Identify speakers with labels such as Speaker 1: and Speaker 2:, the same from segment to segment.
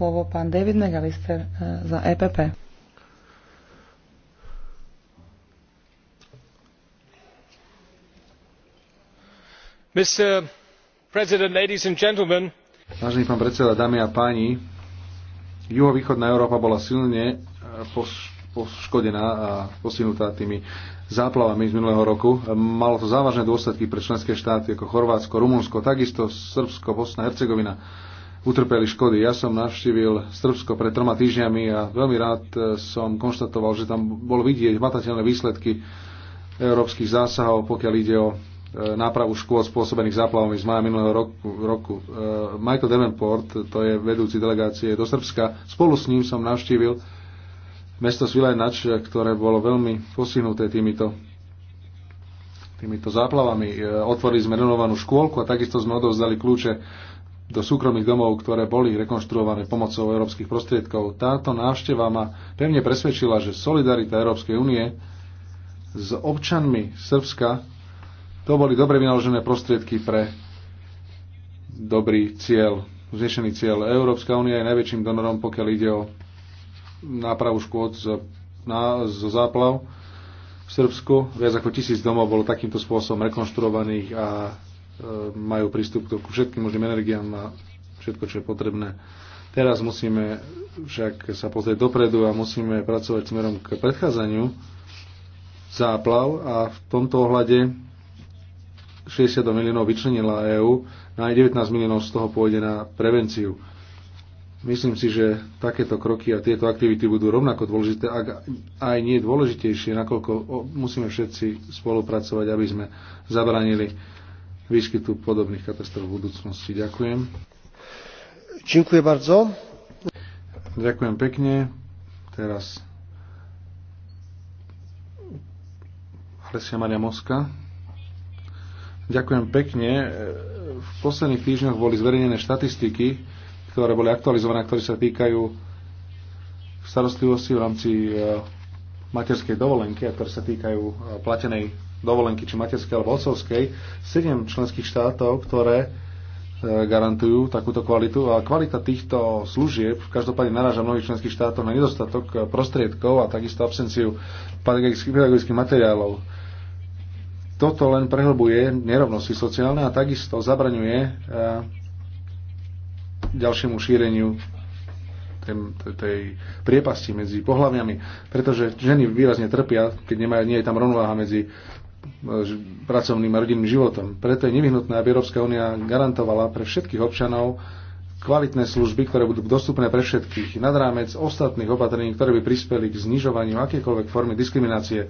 Speaker 1: slovo pán David Megalister eh, za EPP.
Speaker 2: Mr. President, ladies and gentlemen.
Speaker 3: Vážený pán predseda, dámy a páni, juhovýchodná Európa bola silne eh, poškodená a posunutá tými záplavami z minulého roku. Malo to závažné dôsledky pre členské štáty ako Chorvátsko, Rumunsko, takisto Srbsko, Bosna, Hercegovina utrpeli škody. Ja som navštívil Srbsko pred troma týždňami a veľmi rád e, som konštatoval, že tam bolo vidieť matateľné výsledky európskych zásahov, pokiaľ ide o e, nápravu škôd spôsobených záplavami z maja minulého roku. roku. E, Michael Davenport, to je vedúci delegácie do Srbska, spolu s ním som navštívil mesto Svilajnač, ktoré bolo veľmi posihnuté týmito týmito záplavami. Otvorili sme renovanú škôlku a takisto sme odovzdali kľúče do súkromných domov, ktoré boli rekonštruované pomocou európskych prostriedkov. Táto návšteva ma pevne presvedčila, že solidarita Európskej únie s občanmi Srbska to boli dobre vynaložené prostriedky pre dobrý cieľ, vznešený cieľ. Európska únia je najväčším donorom, pokiaľ ide o nápravu škôd z, na, zo záplav. V Srbsku viac ako tisíc domov bolo takýmto spôsobom rekonštruovaných a E, majú prístup k všetkým možným energiám a všetko, čo je potrebné. Teraz musíme však sa pozrieť dopredu a musíme pracovať smerom k predchádzaniu záplav a v tomto ohľade 60 miliónov vyčlenila EÚ a no aj 19 miliónov z toho pôjde na prevenciu. Myslím si, že takéto kroky a tieto aktivity budú rovnako dôležité, ak aj nie dôležitejšie, nakoľko musíme všetci spolupracovať, aby sme zabranili výskytu podobných katastrof v budúcnosti. Ďakujem. Ďakujem bardzo. Ďakujem pekne. Teraz Alessia Maria Moska. Ďakujem pekne. V posledných týždňoch boli zverejnené štatistiky, ktoré boli aktualizované, ktoré sa týkajú starostlivosti v rámci eh, materskej dovolenky a ktoré sa týkajú eh, platenej dovolenky, či materskej alebo otcovskej, 7 členských štátov, ktoré e, garantujú takúto kvalitu a kvalita týchto služieb každopádne naráža mnohých členských štátov na nedostatok e, prostriedkov a takisto absenciu pedagogických materiálov. Toto len prehlbuje nerovnosti sociálne a takisto zabraňuje e, ďalšiemu šíreniu tej, priepasti medzi pohľaviami, pretože ženy výrazne trpia, keď nemajú, nie je tam rovnováha medzi pracovným a rodinným životom. Preto je nevyhnutné, aby Európska únia garantovala pre všetkých občanov kvalitné služby, ktoré budú dostupné pre všetkých, nad rámec ostatných opatrení, ktoré by prispeli k znižovaniu akékoľvek formy diskriminácie,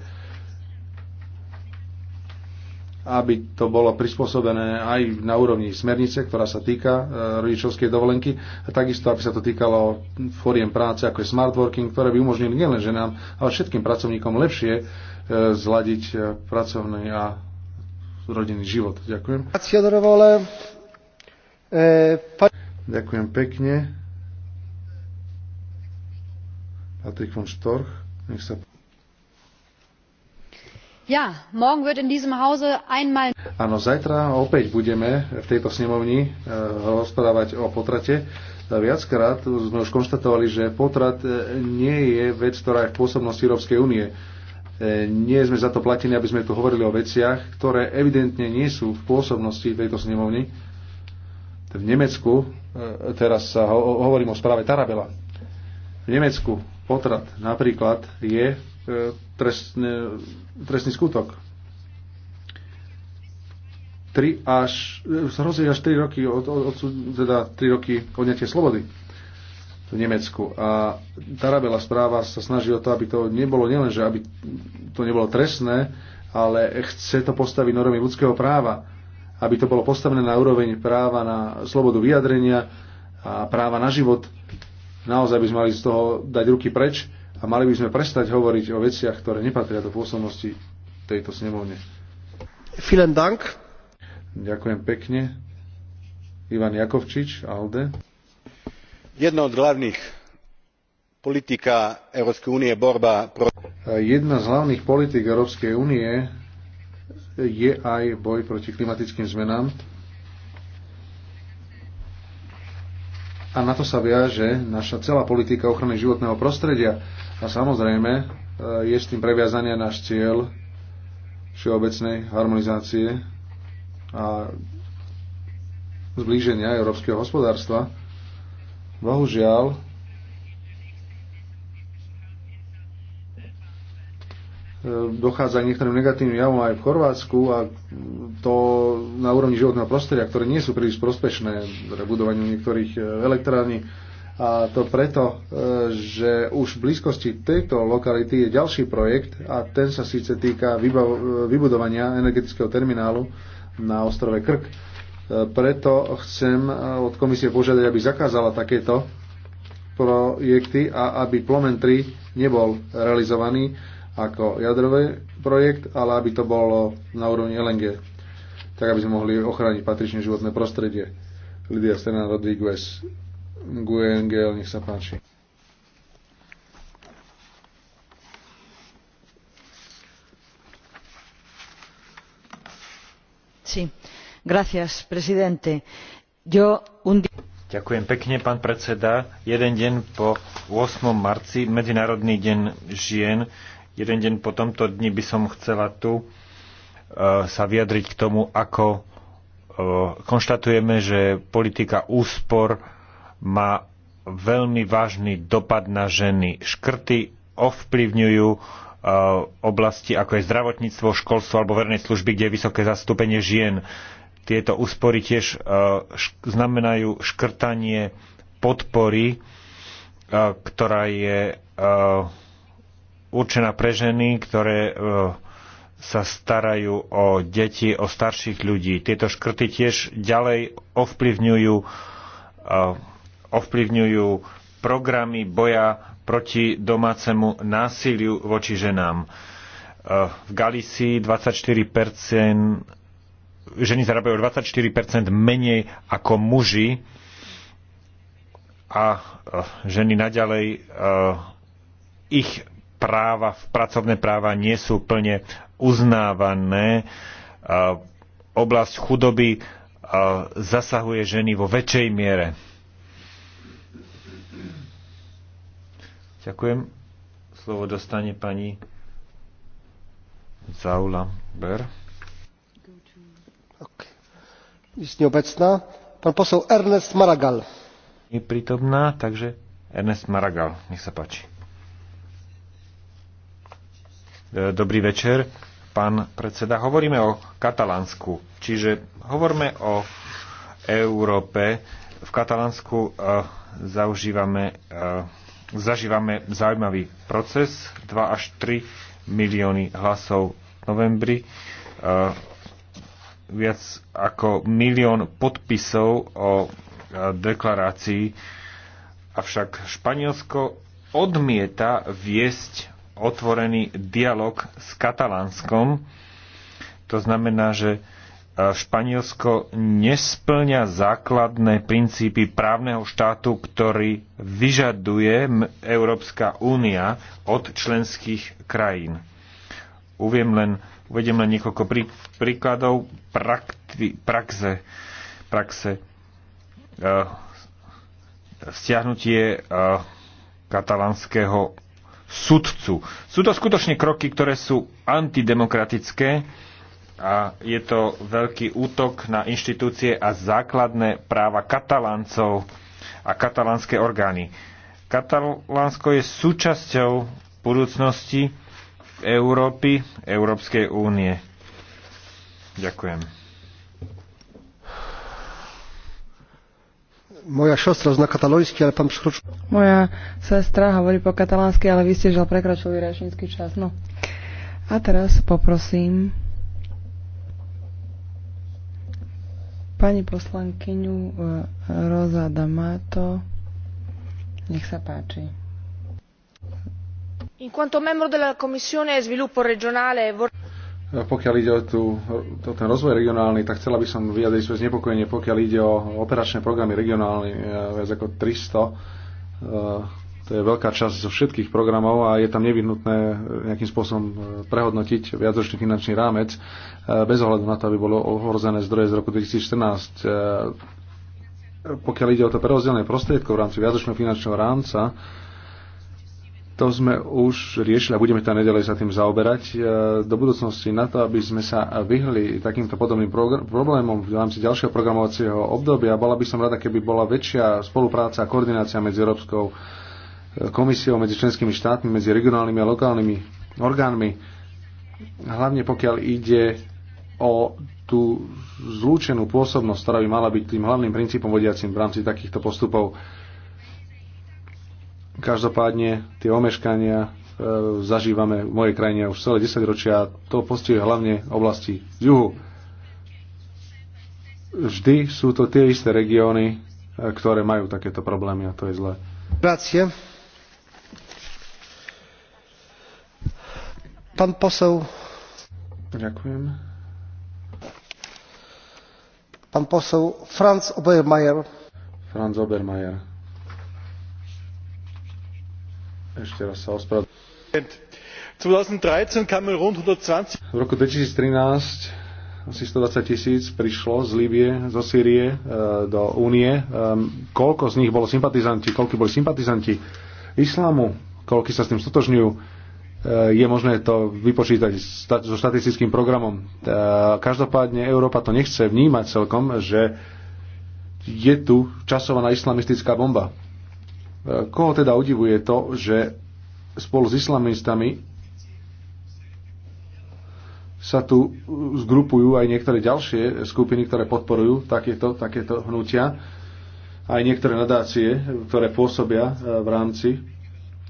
Speaker 3: aby to bolo prispôsobené aj na úrovni smernice, ktorá sa týka e, rodičovskej dovolenky, a takisto, aby sa to týkalo fóriem práce, ako je smart working, ktoré by umožnili nielen ženám, ale všetkým pracovníkom lepšie E, zladiť e, pracovný a rodinný život. Ďakujem. Ďakujem pekne. Patrik von Storch, nech sa ja, morgen wird in diesem Hause einmal... Áno, zajtra opäť budeme v tejto snemovni e, rozprávať o potrate. Viackrát sme už konštatovali, že potrat nie je vec, ktorá je v pôsobnosti Európskej únie E, nie sme za to platení, aby sme tu hovorili o veciach, ktoré evidentne nie sú v pôsobnosti tejto snemovny. V Nemecku, e, teraz sa ho, hovorím o správe Tarabela, v Nemecku potrat napríklad je e, trestný, trestný skutok. 3 až, hrozí až 3 roky, od, od, od, teda 3 roky odňatie slobody v Nemecku. A Tarabela správa sa snaží o to, aby to nebolo nielen, že aby to nebolo trestné, ale chce to postaviť normy ľudského práva, aby to bolo postavené na úroveň práva na slobodu vyjadrenia a práva na život. Naozaj by sme mali z toho dať ruky preč a mali by sme prestať hovoriť o veciach, ktoré nepatria do pôsobnosti tejto snemovne. Vielen Dank. Ďakujem pekne. Ivan Jakovčič, Alde jedna od politika borba jedna z hlavných politik Európskej únie je aj boj proti klimatickým zmenám. A na to sa viaže naša celá politika ochrany životného prostredia. A samozrejme, e, je s tým previazania náš cieľ všeobecnej harmonizácie a zblíženia európskeho hospodárstva. Bohužiaľ, e, dochádza k niektorým negatívnym javom aj v Chorvátsku a to na úrovni životného prostredia, ktoré nie sú príliš prospešné pre budovaniu niektorých e, elektrární. A to preto, e, že už v blízkosti tejto lokality je ďalší projekt a ten sa síce týka vybudovania energetického terminálu na ostrove Krk preto chcem eh, od komisie požiadať, aby zakázala takéto projekty a aby Plomen 3 nebol realizovaný ako jadrový projekt, ale aby to bolo na úrovni LNG, tak aby sme mohli ochrániť patrične životné prostredie. Lidia Stena Rodriguez, Guengel, nech sa
Speaker 4: páči.
Speaker 1: Sí.
Speaker 5: Ďakujem pekne, pán predseda. Jeden deň po 8. marci, Medzinárodný deň žien, jeden deň po tomto dni by som chcela tu e, sa vyjadriť k tomu, ako e, konštatujeme, že politika úspor má veľmi vážny dopad na ženy. Škrty ovplyvňujú e, oblasti, ako je zdravotníctvo, školstvo alebo verejné služby, kde je vysoké zastúpenie žien tieto úspory tiež e, znamenajú škrtanie podpory, e, ktorá je e, určená pre ženy, ktoré sa starajú o deti, o starších ľudí. Tieto škrty tiež ďalej ovplyvňujú, ovplyvňujú programy boja proti domácemu násiliu voči ženám. V Galicii 24 ženy zarábajú 24% menej ako muži a eh, ženy naďalej eh, ich práva, pracovné práva nie sú plne uznávané. Eh, oblasť chudoby zasahuje ženy vo väčšej miere. Ďakujem. Slovo dostane pani Zaula Ber.
Speaker 2: Pán posol Ernest Maragall. Je prítomná, takže
Speaker 5: Ernest Maragall, nech sa páči. E, dobrý večer, pán predseda. Hovoríme o Katalánsku, čiže hovoríme o Európe. V Katalánsku uh, zaužívame, uh, zažívame zaujímavý proces. 2 až 3 milióny hlasov v novembri. Uh, viac ako milión podpisov o e, deklarácii, avšak Španielsko odmieta viesť otvorený dialog s Katalánskom. To znamená, že e, Španielsko nesplňa základné princípy právneho štátu, ktorý vyžaduje Európska únia od členských krajín. Uviem len Uvediem len niekoľko prí, príkladov prakti, praxe. praxe. Uh, stiahnutie uh, e, katalánskeho sudcu. Sú to skutočne kroky, ktoré sú antidemokratické a je to veľký útok na inštitúcie a základné práva kataláncov a katalánske orgány. Katalánsko je súčasťou budúcnosti Európy, Európskej únie. Ďakujem.
Speaker 2: Moja sestra zna katalonsky, ale pán prekročil...
Speaker 1: Moja sestra hovorí po katalánsky, ale vy ste žiaľ prekročili rečnícky čas. No. A teraz poprosím pani poslankyňu eh, Roza Damato. Nech sa páči. Pokiaľ
Speaker 3: ide o, tú, o ten rozvoj regionálny, tak chcela by som vyjadriť svoje znepokojenie, pokiaľ ide o operačné programy regionálne, e, viac ako 300. E, to je veľká časť zo všetkých programov a je tam nevyhnutné e, nejakým spôsobom prehodnotiť viacročný finančný rámec bez ohľadu na to, aby bolo ohrozené zdroje z roku 2014. Pokiaľ ide o to prerozdelené prostriedkov v rámci viacročného finančného rámca, to sme už riešili a budeme tam nedelej za tým zaoberať e, do budúcnosti na to, aby sme sa vyhli takýmto podobným problémom v rámci ďalšieho programovacieho obdobia. Bola by som rada, keby bola väčšia spolupráca a koordinácia medzi Európskou e, komisiou, medzi členskými štátmi, medzi regionálnymi a lokálnymi orgánmi. Hlavne pokiaľ ide o tú zlúčenú pôsobnosť, ktorá by mala byť tým hlavným princípom vodiacim v rámci takýchto postupov Každopádne tie omeškania e, zažívame v mojej krajine už celé 10 ročia. To postihuje hlavne oblasti juhu. Vždy sú to tie isté regióny, e, ktoré majú takéto problémy a to je zlé.
Speaker 2: Grazie. Pán posel. Ďakujem. Pán posel Franz Obermeier.
Speaker 3: Franz Obermeier. Ešte raz sa ospravedlňujem. V roku 2013 asi 120 tisíc prišlo z Líbie, zo Sýrie e, do Únie. E, koľko z nich bolo sympatizanti, koľko boli sympatizanti islamu, koľko sa s tým stotožňujú, e, je možné to vypočítať so štatistickým programom. Každopádne Európa to nechce vnímať celkom, že je tu časovaná islamistická bomba. Koho teda udivuje to, že spolu s islamistami sa tu zgrupujú aj niektoré ďalšie skupiny, ktoré podporujú takéto, takéto hnutia, aj niektoré nadácie, ktoré pôsobia e, v rámci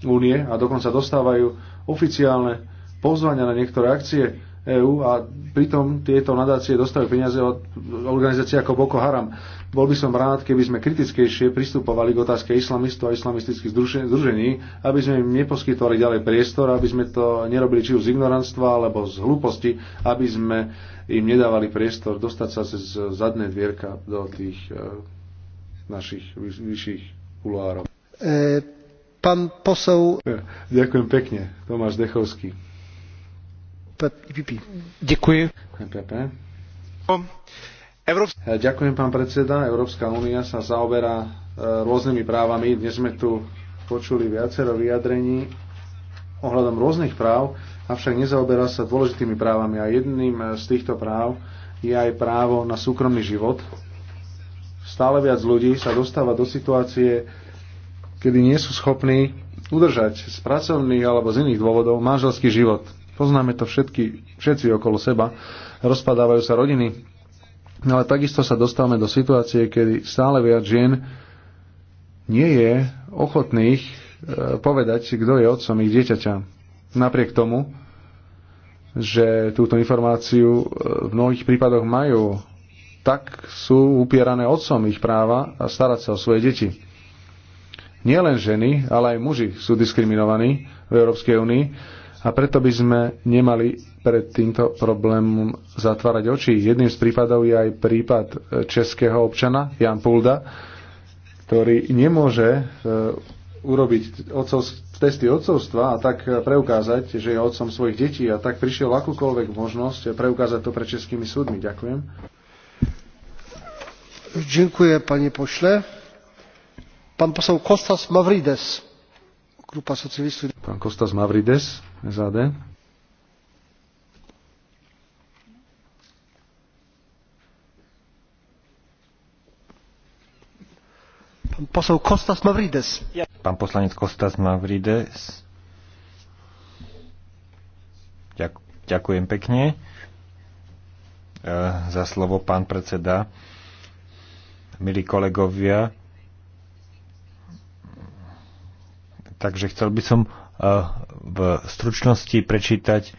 Speaker 3: únie a dokonca dostávajú oficiálne pozvania na niektoré akcie EÚ a pritom tieto nadácie dostávajú peniaze od organizácií ako Boko Haram. Bol by som rád, keby sme kritickejšie pristupovali k otázke islamistov a islamistických združení, aby sme im neposkytovali ďalej priestor, aby sme to nerobili či už z ignoranstva alebo z hlúposti, aby sme im nedávali priestor dostať sa cez zadné dvierka do tých e, našich vyšších kuloárov. E, pán posol... E, ďakujem pekne, Tomáš Dechovský. Ďakujem, pán predseda. Európska únia sa zaoberá e, rôznymi právami. Dnes sme tu počuli viacero vyjadrení ohľadom rôznych práv, avšak nezaoberá sa dôležitými právami. A jedným e, z týchto práv je aj právo na súkromný život. Stále viac ľudí sa dostáva do situácie, kedy nie sú schopní udržať z pracovných alebo z iných dôvodov manželský život Poznáme to všetky, všetci okolo seba. Rozpadávajú sa rodiny. No ale takisto sa dostávame do situácie, kedy stále viac žien nie je ochotných e, povedať, kto je otcom ich dieťaťa. Napriek tomu, že túto informáciu e, v mnohých prípadoch majú, tak sú upierané otcom ich práva a starať sa o svoje deti. Nielen ženy, ale aj muži sú diskriminovaní v Európskej únii a preto by sme nemali pred týmto problémom zatvárať oči. Jedným z prípadov je aj prípad e, českého občana Jan Pulda, ktorý nemôže e, urobiť testy otcovstva a tak e, preukázať, že je otcom svojich detí a tak prišiel akúkoľvek možnosť preukázať to pred českými súdmi. Ďakujem.
Speaker 2: Ďakujem, pani pošle. Pán posel Kostas
Speaker 3: Mavrides,
Speaker 2: grupa socialistov
Speaker 3: Pán Kostas Mavrides, SAD.
Speaker 2: Pán posol Kostas Mavrides. Pán
Speaker 5: poslanec Kostas Mavrides. Ďakujem pekne e, za slovo, pán predseda. Milí kolegovia, takže chcel by som v stručnosti prečítať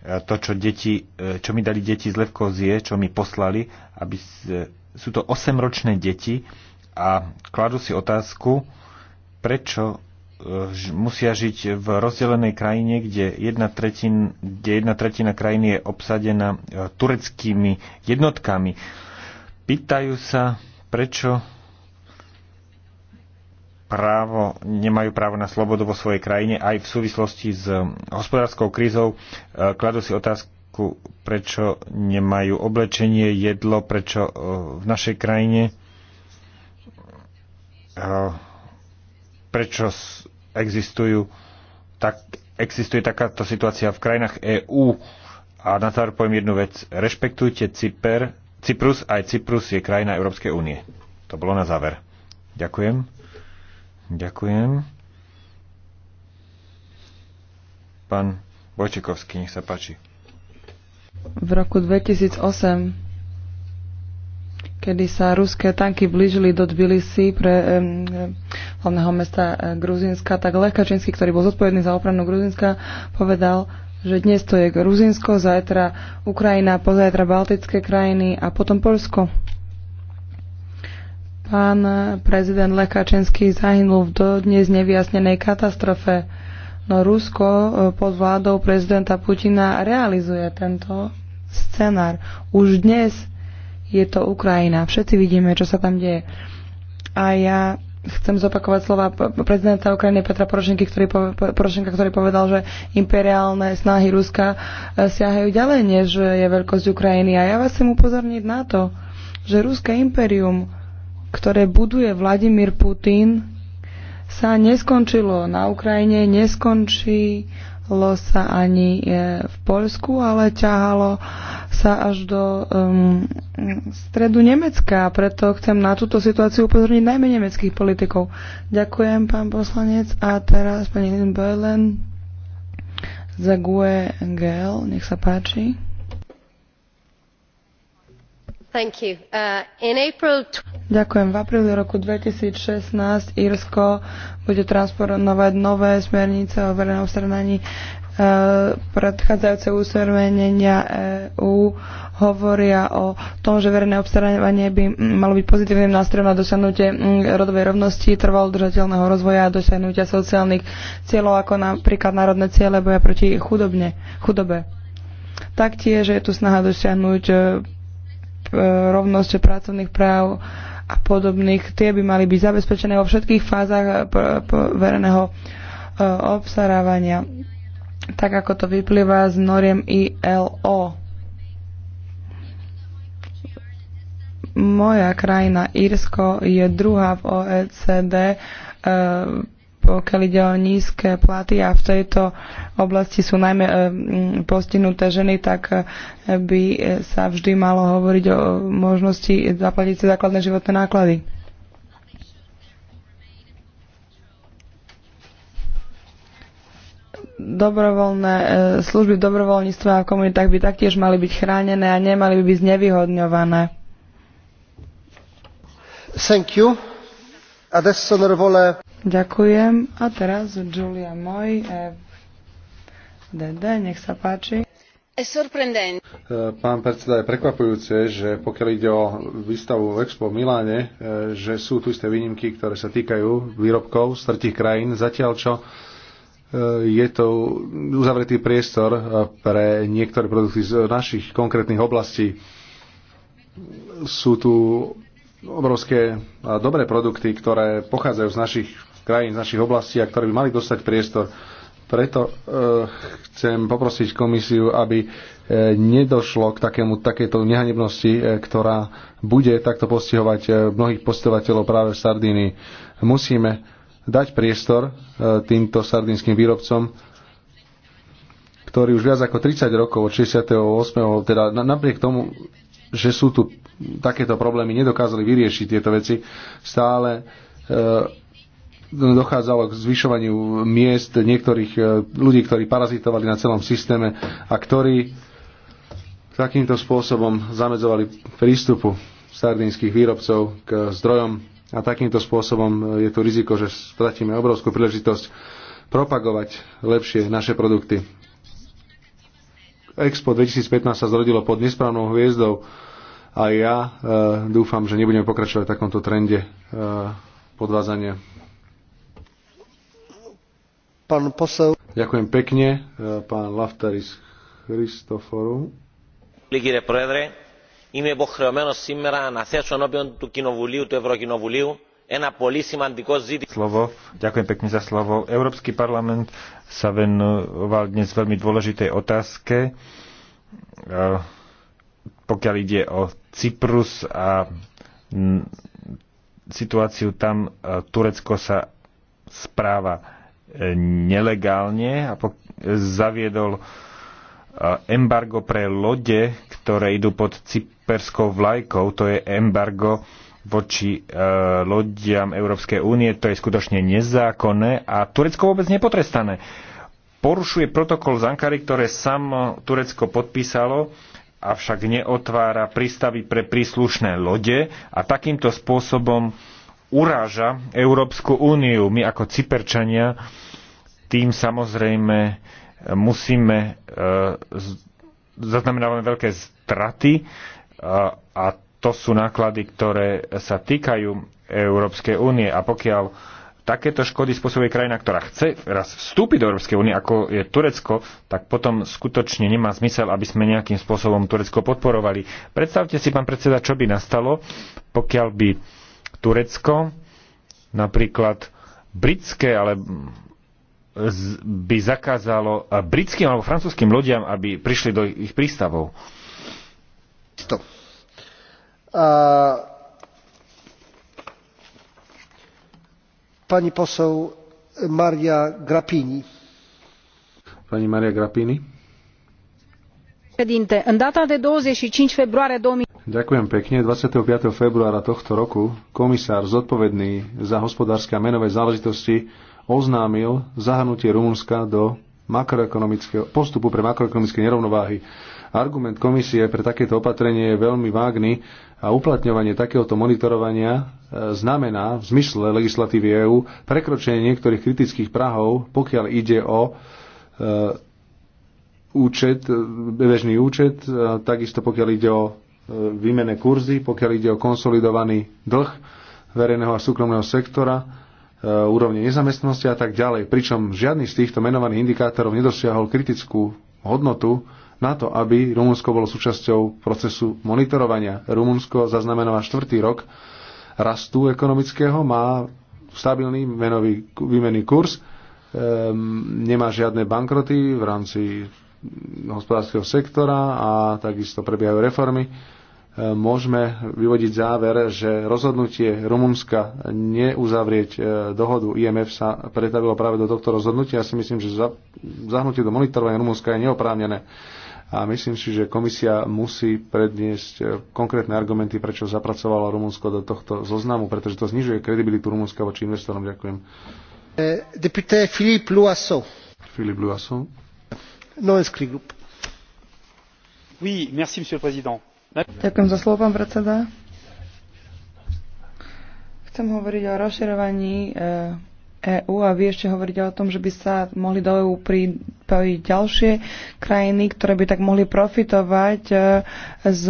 Speaker 5: to, čo, deti, e, čo mi dali deti z Levkozie, čo mi poslali. Aby, e, sú to 8-ročné deti a kladú si otázku, prečo e, musia žiť v rozdelenej krajine, kde jedna, tretin, kde jedna tretina krajiny je obsadená tureckými jednotkami. Pýtajú sa, prečo právo, nemajú právo na slobodu vo svojej krajine, aj v súvislosti s um, hospodárskou krízou e, kladú si otázku, prečo nemajú oblečenie, jedlo, prečo e, v našej krajine e, prečo existujú tak, existuje takáto situácia v krajinách EÚ. A na záver poviem jednu vec. Rešpektujte Cyper, Cyprus, aj Cyprus je krajina Európskej únie. To bolo na záver. Ďakujem. Ďakujem. Pán Vojčekovský, nech sa
Speaker 3: páči.
Speaker 1: V roku 2008, kedy sa ruské tanky blížili do Tbilisi pre um, hlavného mesta e, Gruzinska, tak Lech ktorý bol zodpovedný za obranu Gruzinska, povedal, že dnes to je Gruzinsko, zajtra Ukrajina, pozajtra Baltické krajiny a potom Polsko. Pán prezident Lekačenský zahynul v dodnes nevyjasnenej katastrofe, no Rusko e, pod vládou prezidenta Putina realizuje tento scenár. Už dnes je to Ukrajina. Všetci vidíme, čo sa tam deje. A ja chcem zopakovať slova prezidenta Ukrajiny Petra Porošenky, ktorý, Porošenka, ktorý povedal, že imperiálne snahy Ruska e, siahajú ďalej, než je veľkosť Ukrajiny. A ja vás chcem upozorniť na to, že Ruské imperium ktoré buduje Vladimír Putin, sa neskončilo na Ukrajine, neskončilo sa ani e, v Polsku, ale ťahalo sa až do um, stredu Nemecka. Preto chcem na túto situáciu upozorniť najmä nemeckých politikov. Ďakujem, pán poslanec. A teraz pani Berlen za GUE gel. Nech sa páči.
Speaker 2: Thank you. Uh,
Speaker 1: in April Ďakujem. V apríli roku 2016 Írsko bude transformovať nové smernice o verejnom strananí. E, predchádzajúce usmernenia EÚ hovoria o tom, že verejné obstarávanie by malo byť pozitívnym nástrojom na dosiahnutie mm, rodovej rovnosti, trvalo držateľného rozvoja a dosiahnutia sociálnych cieľov, ako napríklad národné ciele boja proti chudobne, chudobe. Taktiež je tu snaha dosiahnuť e, e, rovnosť pracovných práv a podobných, tie by mali byť zabezpečené vo všetkých fázach eh, verejného eh, obsarávania, tak ako to vyplýva z noriem ILO. Moja krajina Írsko je druhá v OECD eh, pokiaľ ide o nízke platy a v tejto oblasti sú najmä e, postihnuté ženy, tak e, by e, sa vždy malo hovoriť o možnosti zaplatiť si základné životné náklady. dobrovoľné služby v dobrovoľníctve a komunitách by taktiež mali byť chránené a nemali by byť znevýhodňované.
Speaker 2: Thank you. Adesso nervole...
Speaker 1: Ďakujem. A teraz Julia Moj, FDD, nech sa páči. E,
Speaker 3: pán predseda, je prekvapujúce, že pokiaľ ide o výstavu v Expo v Miláne, e, že sú tu isté výnimky, ktoré sa týkajú výrobkov z tretich krajín, zatiaľ čo e, je to uzavretý priestor pre niektoré produkty z našich konkrétnych oblastí. Sú tu obrovské dobré produkty, ktoré pochádzajú z našich krajín, z našich oblastí a ktoré by mali dostať priestor. Preto e, chcem poprosiť komisiu, aby e, nedošlo k takému, takejto nehanebnosti, e, ktorá bude takto postihovať e, mnohých postovateľov práve v Sardínii. Musíme dať priestor e, týmto sardínskym výrobcom, ktorí už viac ako 30 rokov od 68. teda napriek tomu, že sú tu takéto problémy, nedokázali vyriešiť tieto veci, stále e, dochádzalo k zvyšovaniu miest niektorých e, ľudí, ktorí parazitovali na celom systéme a ktorí takýmto spôsobom zamedzovali prístupu sardinských výrobcov k zdrojom a takýmto spôsobom e, je tu riziko, že stratíme obrovskú príležitosť propagovať lepšie naše produkty. Expo 2015 sa zrodilo pod nesprávnou hviezdou a ja e, dúfam, že nebudeme pokračovať v takomto trende e, podvázania. Pán posel. Ďakujem pekne, e, pán Laftaris Christoforu.
Speaker 5: Κύριε Πρόεδρε, είμαι υποχρεωμένος σήμερα να θέσω ενώπιον του Κοινοβουλίου, του Ευρωκοινοβουλίου, ένα πολύ σημαντικό ζήτημα. Slovo, ďakujem pekne za slovo. Európsky parlament sa venoval dnes veľmi dôležitej otázke, e, pokiaľ ide o Cyprus a situáciu tam e, Turecko sa správa nelegálne a zaviedol e, embargo pre lode, ktoré idú pod cyperskou vlajkou. To je embargo voči e, lodiam Európskej únie. To je skutočne nezákonné a Turecko vôbec nepotrestané. Porušuje protokol z Ankary, ktoré samo Turecko podpísalo, avšak neotvára prístavy pre príslušné lode a takýmto spôsobom uráža Európsku úniu. My ako Cyperčania tým samozrejme e, musíme e, zaznamenávame veľké straty e, a to sú náklady, ktoré sa týkajú Európskej únie a pokiaľ takéto škody spôsobuje krajina, ktorá chce raz vstúpiť do Európskej únie, ako je Turecko, tak potom skutočne nemá zmysel, aby sme nejakým spôsobom Turecko podporovali. Predstavte si, pán predseda, čo by nastalo, pokiaľ by Turecko, napríklad britské, ale by zakázalo britským alebo francúzským lodiam, aby prišli do ich prístavov. To.
Speaker 2: A... Uh, pani posol Maria Grapini.
Speaker 3: Pani Maria Grapini. Președinte, în data de 25 februarie 2000 Ďakujem pekne. 25. februára tohto roku komisár zodpovedný za hospodárske a menové záležitosti oznámil zahrnutie Rumunska do makroekonomického, postupu pre makroekonomické nerovnováhy. Argument komisie pre takéto opatrenie je veľmi vágny a uplatňovanie takéhoto monitorovania e, znamená v zmysle legislatívy EÚ prekročenie niektorých kritických prahov, pokiaľ ide o e, účet, e, bežný účet, takisto pokiaľ ide o výmené kurzy, pokiaľ ide o konsolidovaný dlh verejného a súkromného sektora, e, úrovne nezamestnosti a tak ďalej. Pričom žiadny z týchto menovaných indikátorov nedosiahol kritickú hodnotu na to, aby Rumunsko bolo súčasťou procesu monitorovania. Rumunsko zaznamenáva štvrtý rok rastu ekonomického, má stabilný menový výmenný kurz, um, nemá žiadne bankroty v rámci hospodárskeho sektora a takisto prebiehajú reformy môžeme vyvodiť záver, že rozhodnutie Rumunska neuzavrieť e, dohodu IMF sa pretavilo práve do tohto rozhodnutia. Ja si myslím, že zahnutie do monitorovania Rumunska je neoprávnené. A myslím si, že komisia musí predniesť e, konkrétne argumenty, prečo zapracovala Rumunsko do tohto zoznamu, pretože to znižuje kredibilitu Rumunska voči investorom. Ďakujem. E, deputé Filip Luasso. Filip Luasso.
Speaker 1: grup.
Speaker 4: Oui, merci, monsieur le président
Speaker 1: Ďakujem za slovo, pán predseda. Chcem hovoriť o rozširovaní EÚ eh, e a vy ešte hovoríte o tom, že by sa mohli do EÚ pripojiť ďalšie krajiny, ktoré by tak mohli profitovať eh, z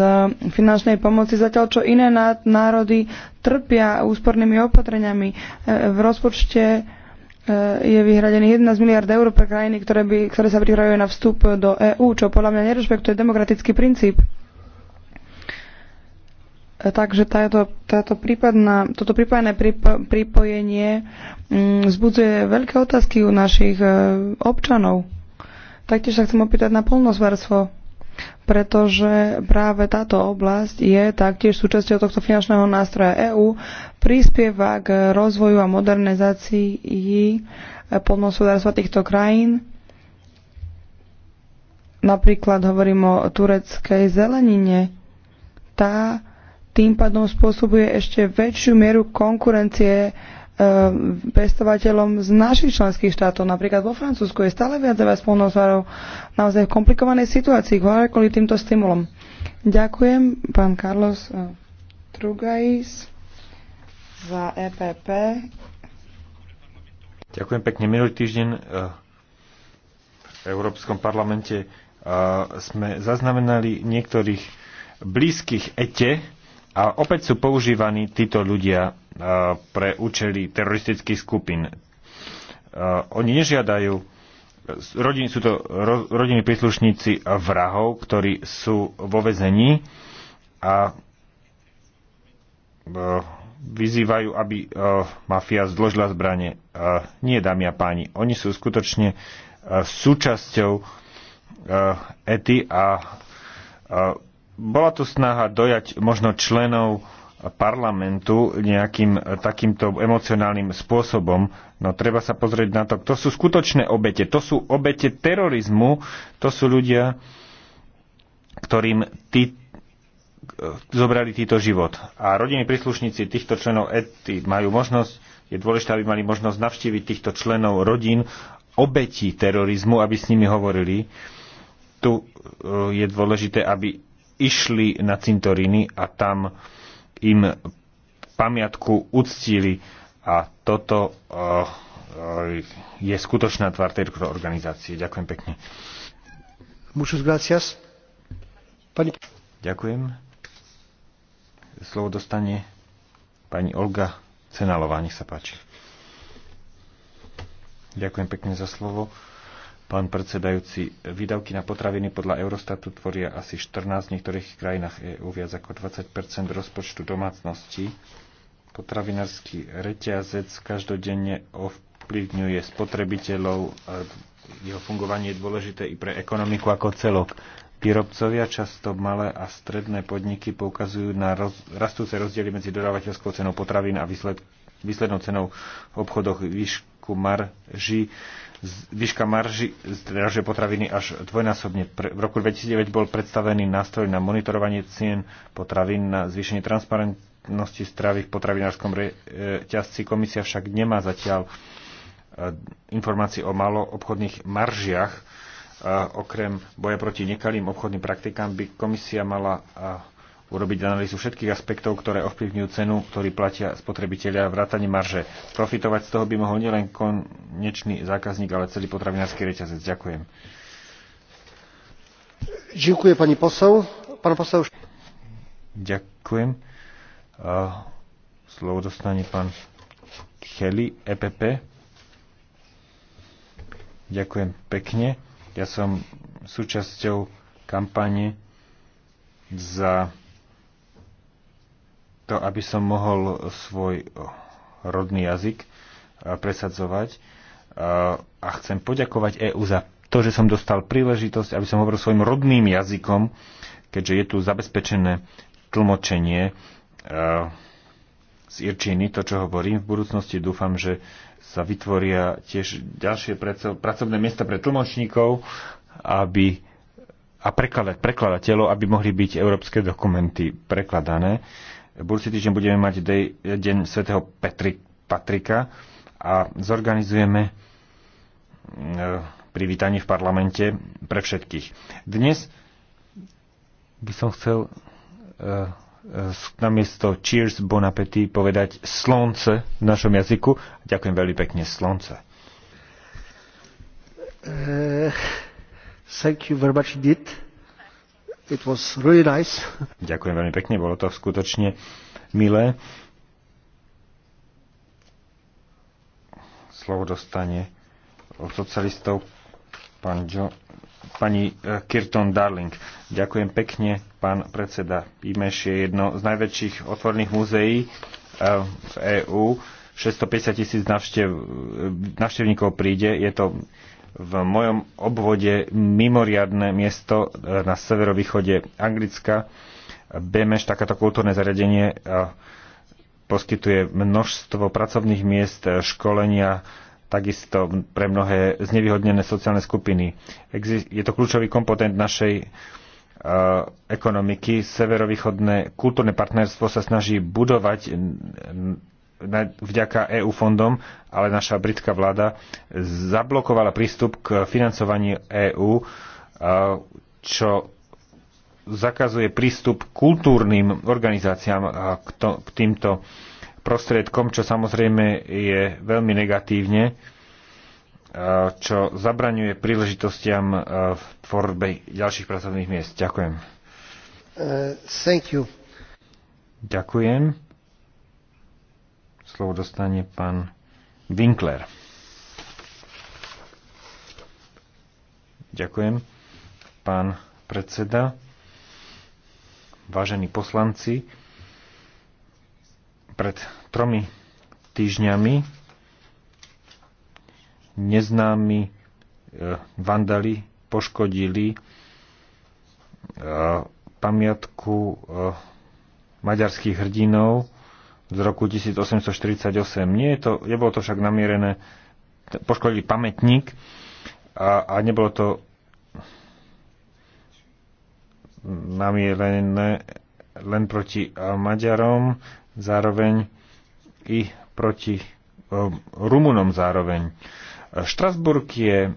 Speaker 1: finančnej pomoci, zatiaľ čo iné národy trpia úspornými opatreniami. Eh, v rozpočte je vyhradený 11 miliard eur pre krajiny, ktoré, by, ktoré sa prihrajú na vstup do EÚ, čo podľa mňa nerešpektuje demokratický princíp. Takže táto, táto prípadná, toto prípadné pripojenie mm, vzbudzuje veľké otázky u našich e, občanov. Taktiež sa chcem opýtať na polnospodárstvo, pretože práve táto oblasť je taktiež súčasťou tohto finančného nástroja EÚ, prispieva k rozvoju a modernizácii polnospodárstva týchto krajín. Napríklad hovorím o tureckej zelenine. Tá tým pádom spôsobuje ešte väčšiu mieru konkurencie eh, pestovateľom z našich členských štátov. Napríklad vo Francúzsku je stále viac vás polnohospodárov naozaj v komplikovanej situácii kvôli týmto stimulom. Ďakujem pán Carlos eh, Trugais za EPP.
Speaker 5: Ďakujem pekne. Minulý týždeň eh, v Európskom parlamente sme zaznamenali niektorých blízkych ETE, a opäť sú používaní títo ľudia e, pre účely teroristických skupín. E, oni nežiadajú, e, rodiny sú to rodiny príslušníci vrahov, ktorí sú vo vezení a vyzývajú, aby mafia zdložila zbranie. Nie, dámy a páni, oni sú skutočne súčasťou ety a bola tu snaha dojať možno členov parlamentu nejakým eh, takýmto emocionálnym spôsobom. No treba sa pozrieť na to, kto sú skutočné obete. To sú obete terorizmu, to sú ľudia, ktorým tí, eh, zobrali týto život. A rodiny príslušníci týchto členov ETI majú možnosť, je dôležité, aby mali možnosť navštíviť týchto členov rodín obetí terorizmu, aby s nimi hovorili. Tu eh, je dôležité, aby išli na cintoriny a tam im pamiatku uctili a toto uh, je skutočná tvár tejto organizácie. Ďakujem pekne.
Speaker 2: Muchas gracias.
Speaker 5: Pani... Ďakujem. Slovo dostane pani Olga Cenalová. Nech sa páči. Ďakujem pekne za slovo. Pán predsedajúci, výdavky na potraviny podľa Eurostatu tvoria asi 14 v niektorých krajinách EÚ viac ako 20 rozpočtu domácností. Potravinársky reťazec každodenne ovplyvňuje spotrebiteľov a jeho fungovanie je dôležité i pre ekonomiku ako celok. Výrobcovia, často malé a stredné podniky, poukazujú na roz, rastúce rozdiely medzi dodávateľskou cenou potravín a výsled, výslednou cenou v obchodoch výšku marží výška marži zdražuje potraviny až dvojnásobne. V roku 2009 bol predstavený nástroj na monitorovanie cien potravín na zvýšenie transparentnosti stravy v potravinárskom reťazci. E, komisia však nemá zatiaľ e, informácie o malo obchodných maržiach. Okrem boja proti nekalým obchodným praktikám by komisia mala urobiť analýzu všetkých aspektov, ktoré ovplyvňujú cenu, ktorý platia spotrebitelia rátane marže. Profitovať z toho by mohol nielen konečný zákazník, ale celý potravinársky reťazec. Ďakujem.
Speaker 2: Ďakujem pani posol. Pán posol.
Speaker 5: Ďakujem. Slovo dostane pán Kelly, EPP. Ďakujem pekne. Ja som súčasťou kampane za to, aby som mohol svoj rodný jazyk e, presadzovať. E, a chcem poďakovať EÚ za to, že som dostal príležitosť, aby som hovoril svojim rodným jazykom, keďže je tu zabezpečené tlmočenie e, z Irčiny, to, čo hovorím. V budúcnosti dúfam, že sa vytvoria tiež ďalšie pracovné miesta pre tlmočníkov aby, a prekladateľov, aby mohli byť európske dokumenty prekladané. Budúci týždeň budeme mať dej, deň svätého Petri, Patrika a zorganizujeme eh, privítanie v parlamente pre všetkých. Dnes by som chcel eh, namiesto cheers, bon appetit povedať slonce v našom jazyku. Ďakujem veľmi pekne, slonce.
Speaker 2: Uh, thank you very much indeed. It was really nice.
Speaker 5: Ďakujem veľmi pekne, bolo to skutočne milé. Slovo dostane od socialistov pán jo, pani eh, Kirton Darling. Ďakujem pekne, pán predseda. Imeš je jedno z najväčších otvorných múzeí eh, v EÚ. 650 tisíc eh, navštevníkov príde. Je to v mojom obvode mimoriadne miesto e, na severovýchode Anglicka. Bemeš, takéto kultúrne zariadenie, e, poskytuje množstvo pracovných miest, e, školenia, takisto pre mnohé znevýhodnené sociálne skupiny. Je to kľúčový komponent našej ekonomiky. Severovýchodné kultúrne partnerstvo sa snaží budovať vďaka EU fondom, ale naša britská vláda zablokovala prístup k financovaniu EÚ, čo zakazuje prístup kultúrnym organizáciám k týmto prostriedkom, čo samozrejme je veľmi negatívne, čo zabraňuje príležitostiam v tvorbe ďalších pracovných miest. Ďakujem. Uh, thank you. Ďakujem slovo dostane pán Winkler. Ďakujem. Pán predseda, vážení poslanci, pred tromi týždňami neznámi e, vandali poškodili e, pamiatku e, maďarských hrdinov z roku 1848. Nie je to, nebolo to však namierené poškodiť pamätník a, a nebolo to namierené len proti eh, Maďarom, zároveň i proti eh, Rumunom zároveň. Eh, Štrasburg je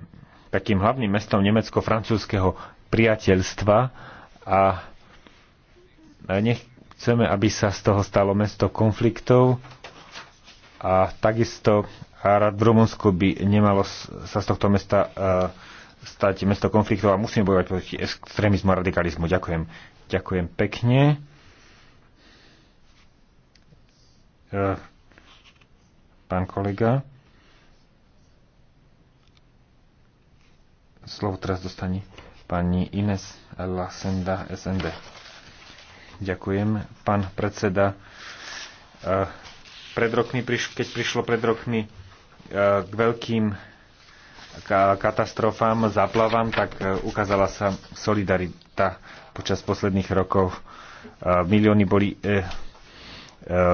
Speaker 5: takým hlavným mestom nemecko-francúzského priateľstva a nech Chceme, aby sa z toho stalo mesto konfliktov a takisto v Rumunsku by nemalo sa z tohto mesta e, stať mesto konfliktov a musíme bojovať proti extrémizmu a radikalizmu. Ďakujem. Ďakujem pekne. E, pán kolega. Slovo teraz dostane pani Ines Senda SND. Ďakujem, pán predseda. Eh, pred rokmi, keď prišlo pred rokmi eh, k veľkým katastrofám, záplavám, tak eh, ukázala sa solidarita počas posledných rokov. Milióny boli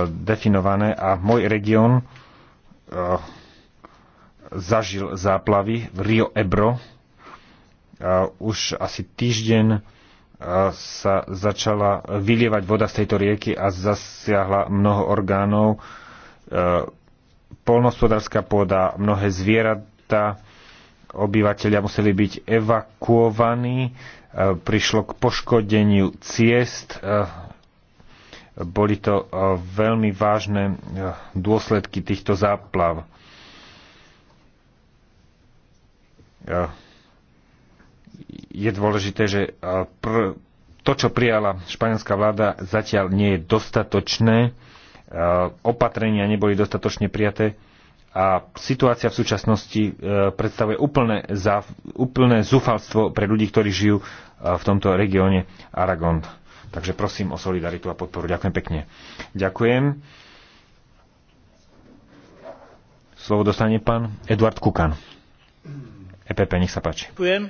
Speaker 5: definované a môj región zažil záplavy v Rio Ebro. Už asi týždeň sa začala vylievať voda z tejto rieky a zasiahla mnoho orgánov, e, polnospodárska pôda, mnohé zvieratá, obyvateľia museli byť evakuovaní, e, prišlo k poškodeniu ciest, e, boli to veľmi vážne dôsledky týchto záplav je dôležité, že pr- to, čo prijala španielská vláda, zatiaľ nie je dostatočné, opatrenia neboli dostatočne prijaté a situácia v súčasnosti e, predstavuje úplné, za, úplné zúfalstvo pre ľudí, ktorí žijú e, v tomto regióne Aragon. Takže prosím o solidaritu a podporu. Ďakujem pekne. Ďakujem. Slovo dostane pán Eduard Kukan. EPP, nech sa páči.
Speaker 4: Ďakujem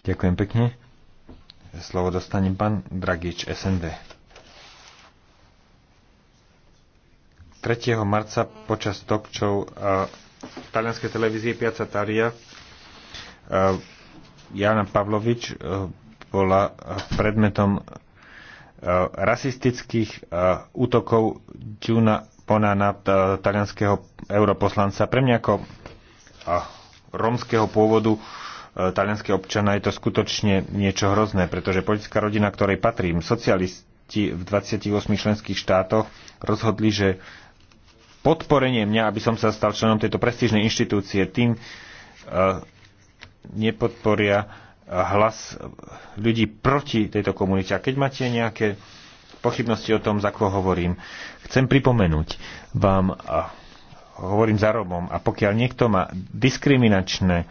Speaker 2: Ďakujem pekne. Slovo dostane pán Dragič, SND.
Speaker 5: 3. marca počas tokčov uh, e, talianskej televízie Piazza Taria uh, Jana Pavlovič e, bola predmetom rasistických útokov Džuna ponad e, talianského europoslanca. Pre mňa ako romského pôvodu e, talianského občana je to skutočne niečo hrozné, pretože politická rodina, ktorej patrím, socialisti v 28 členských štátoch rozhodli, že podporenie mňa, aby som sa stal členom tejto prestížnej inštitúcie, tým e, nepodporia hlas ľudí proti tejto komunite. A keď máte nejaké pochybnosti o tom, za koho hovorím. Chcem pripomenúť vám, hovorím za Romom, a pokiaľ niekto má diskriminačné e,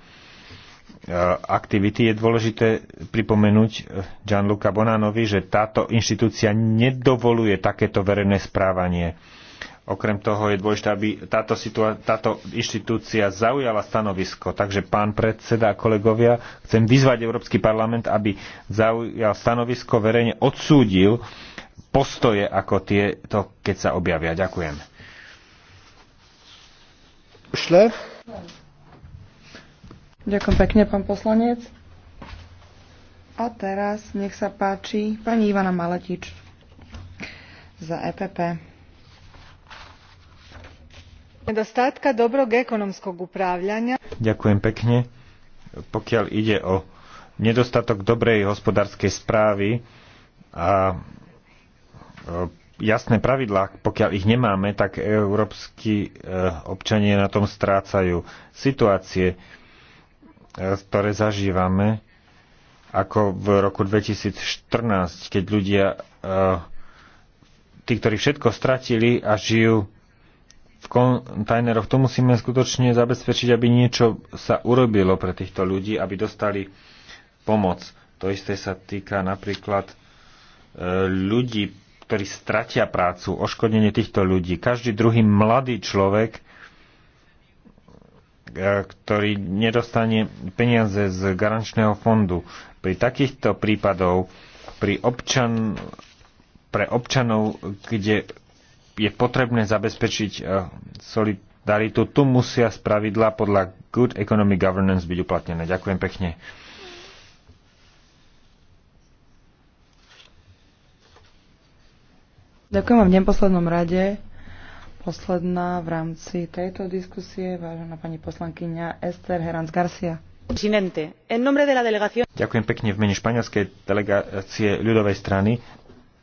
Speaker 5: aktivity, je dôležité pripomenúť e, Gianluca Bonánovi, že táto inštitúcia nedovoluje takéto verejné správanie. Okrem toho je dôležité, aby táto, situá- táto inštitúcia zaujala stanovisko. Takže pán predseda a kolegovia, chcem vyzvať Európsky parlament, aby zaujal stanovisko, verejne odsúdil postoje ako tieto, keď sa objavia. Ďakujem.
Speaker 2: Šle?
Speaker 1: Ďakujem pekne, pán poslanec. A teraz nech sa páči pani Ivana Maletič za EPP. Nedostatka dobrog ekonomskog upravljanja.
Speaker 5: Ďakujem pekne. Pokiaľ ide o nedostatok dobrej hospodárskej správy a E, jasné pravidlá, pokiaľ ich nemáme, tak európsky e, občania na tom strácajú. Situácie, e, ktoré zažívame, ako v roku 2014, keď ľudia, tí, ktorí všetko stratili a žijú v kontajneroch, to musíme skutočne zabezpečiť, aby niečo sa urobilo pre týchto ľudí, aby dostali pomoc. To isté sa týka napríklad ľudí ktorí stratia prácu, oškodenie týchto ľudí. Každý druhý mladý človek, e, ktorý nedostane peniaze z garančného fondu. Pri takýchto prípadov pri občan, pre občanov, kde je potrebné zabezpečiť e, solidaritu, tu musia spravidla podľa Good Economic Governance byť uplatnené. Ďakujem pekne.
Speaker 1: Ďakujem vám v neposlednom rade. Posledná v rámci tejto diskusie, vážená pani poslankyňa Ester Herans Garcia.
Speaker 5: Ďakujem pekne v mene španielskej delegácie ľudovej strany,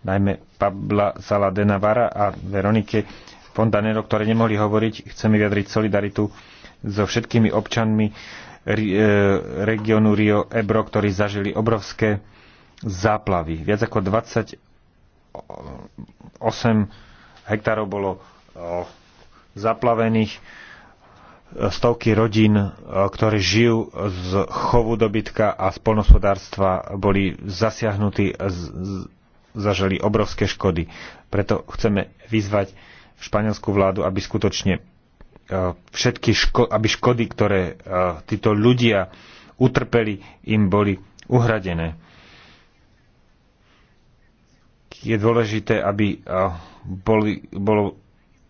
Speaker 5: najmä Pabla Sala de Navara a Veronike Fontanero, ktoré nemohli hovoriť. Chceme vyjadriť solidaritu so všetkými občanmi e, regiónu Rio Ebro, ktorí zažili obrovské záplavy. Viac ako 20 8 hektárov bolo zaplavených stovky rodín, ktorí žijú z chovu dobytka a z polnospodárstva boli zasiahnutí a zažili obrovské škody. Preto chceme vyzvať španielskú vládu, aby skutočne všetky ško- aby škody, ktoré títo ľudia utrpeli, im boli uhradené je dôležité, aby eh, boli, bolo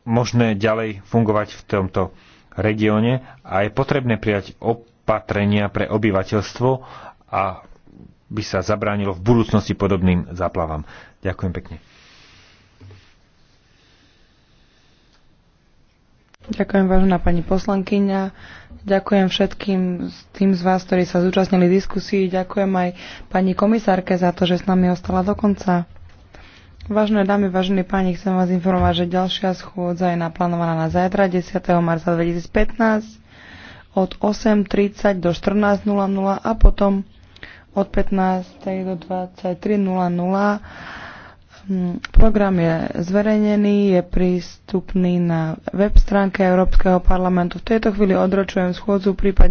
Speaker 5: možné ďalej fungovať v tomto regióne a je potrebné prijať opatrenia pre obyvateľstvo a by sa zabránilo v budúcnosti podobným záplavám. Ďakujem pekne.
Speaker 1: Ďakujem, vážená pani poslankyňa. Ďakujem všetkým tým z vás, ktorí sa zúčastnili diskusii. Ďakujem aj pani komisárke za to, že s nami ostala do konca. Vážené dámy, vážení páni, chcem vás informovať, že ďalšia schôdza je naplánovaná na zajtra 10. marca 2015 od 8.30 do 14.00 a potom od 15.00 do 23.00. Program je zverejnený, je prístupný na web stránke Európskeho parlamentu. V tejto chvíli odročujem schôdzu, prípadne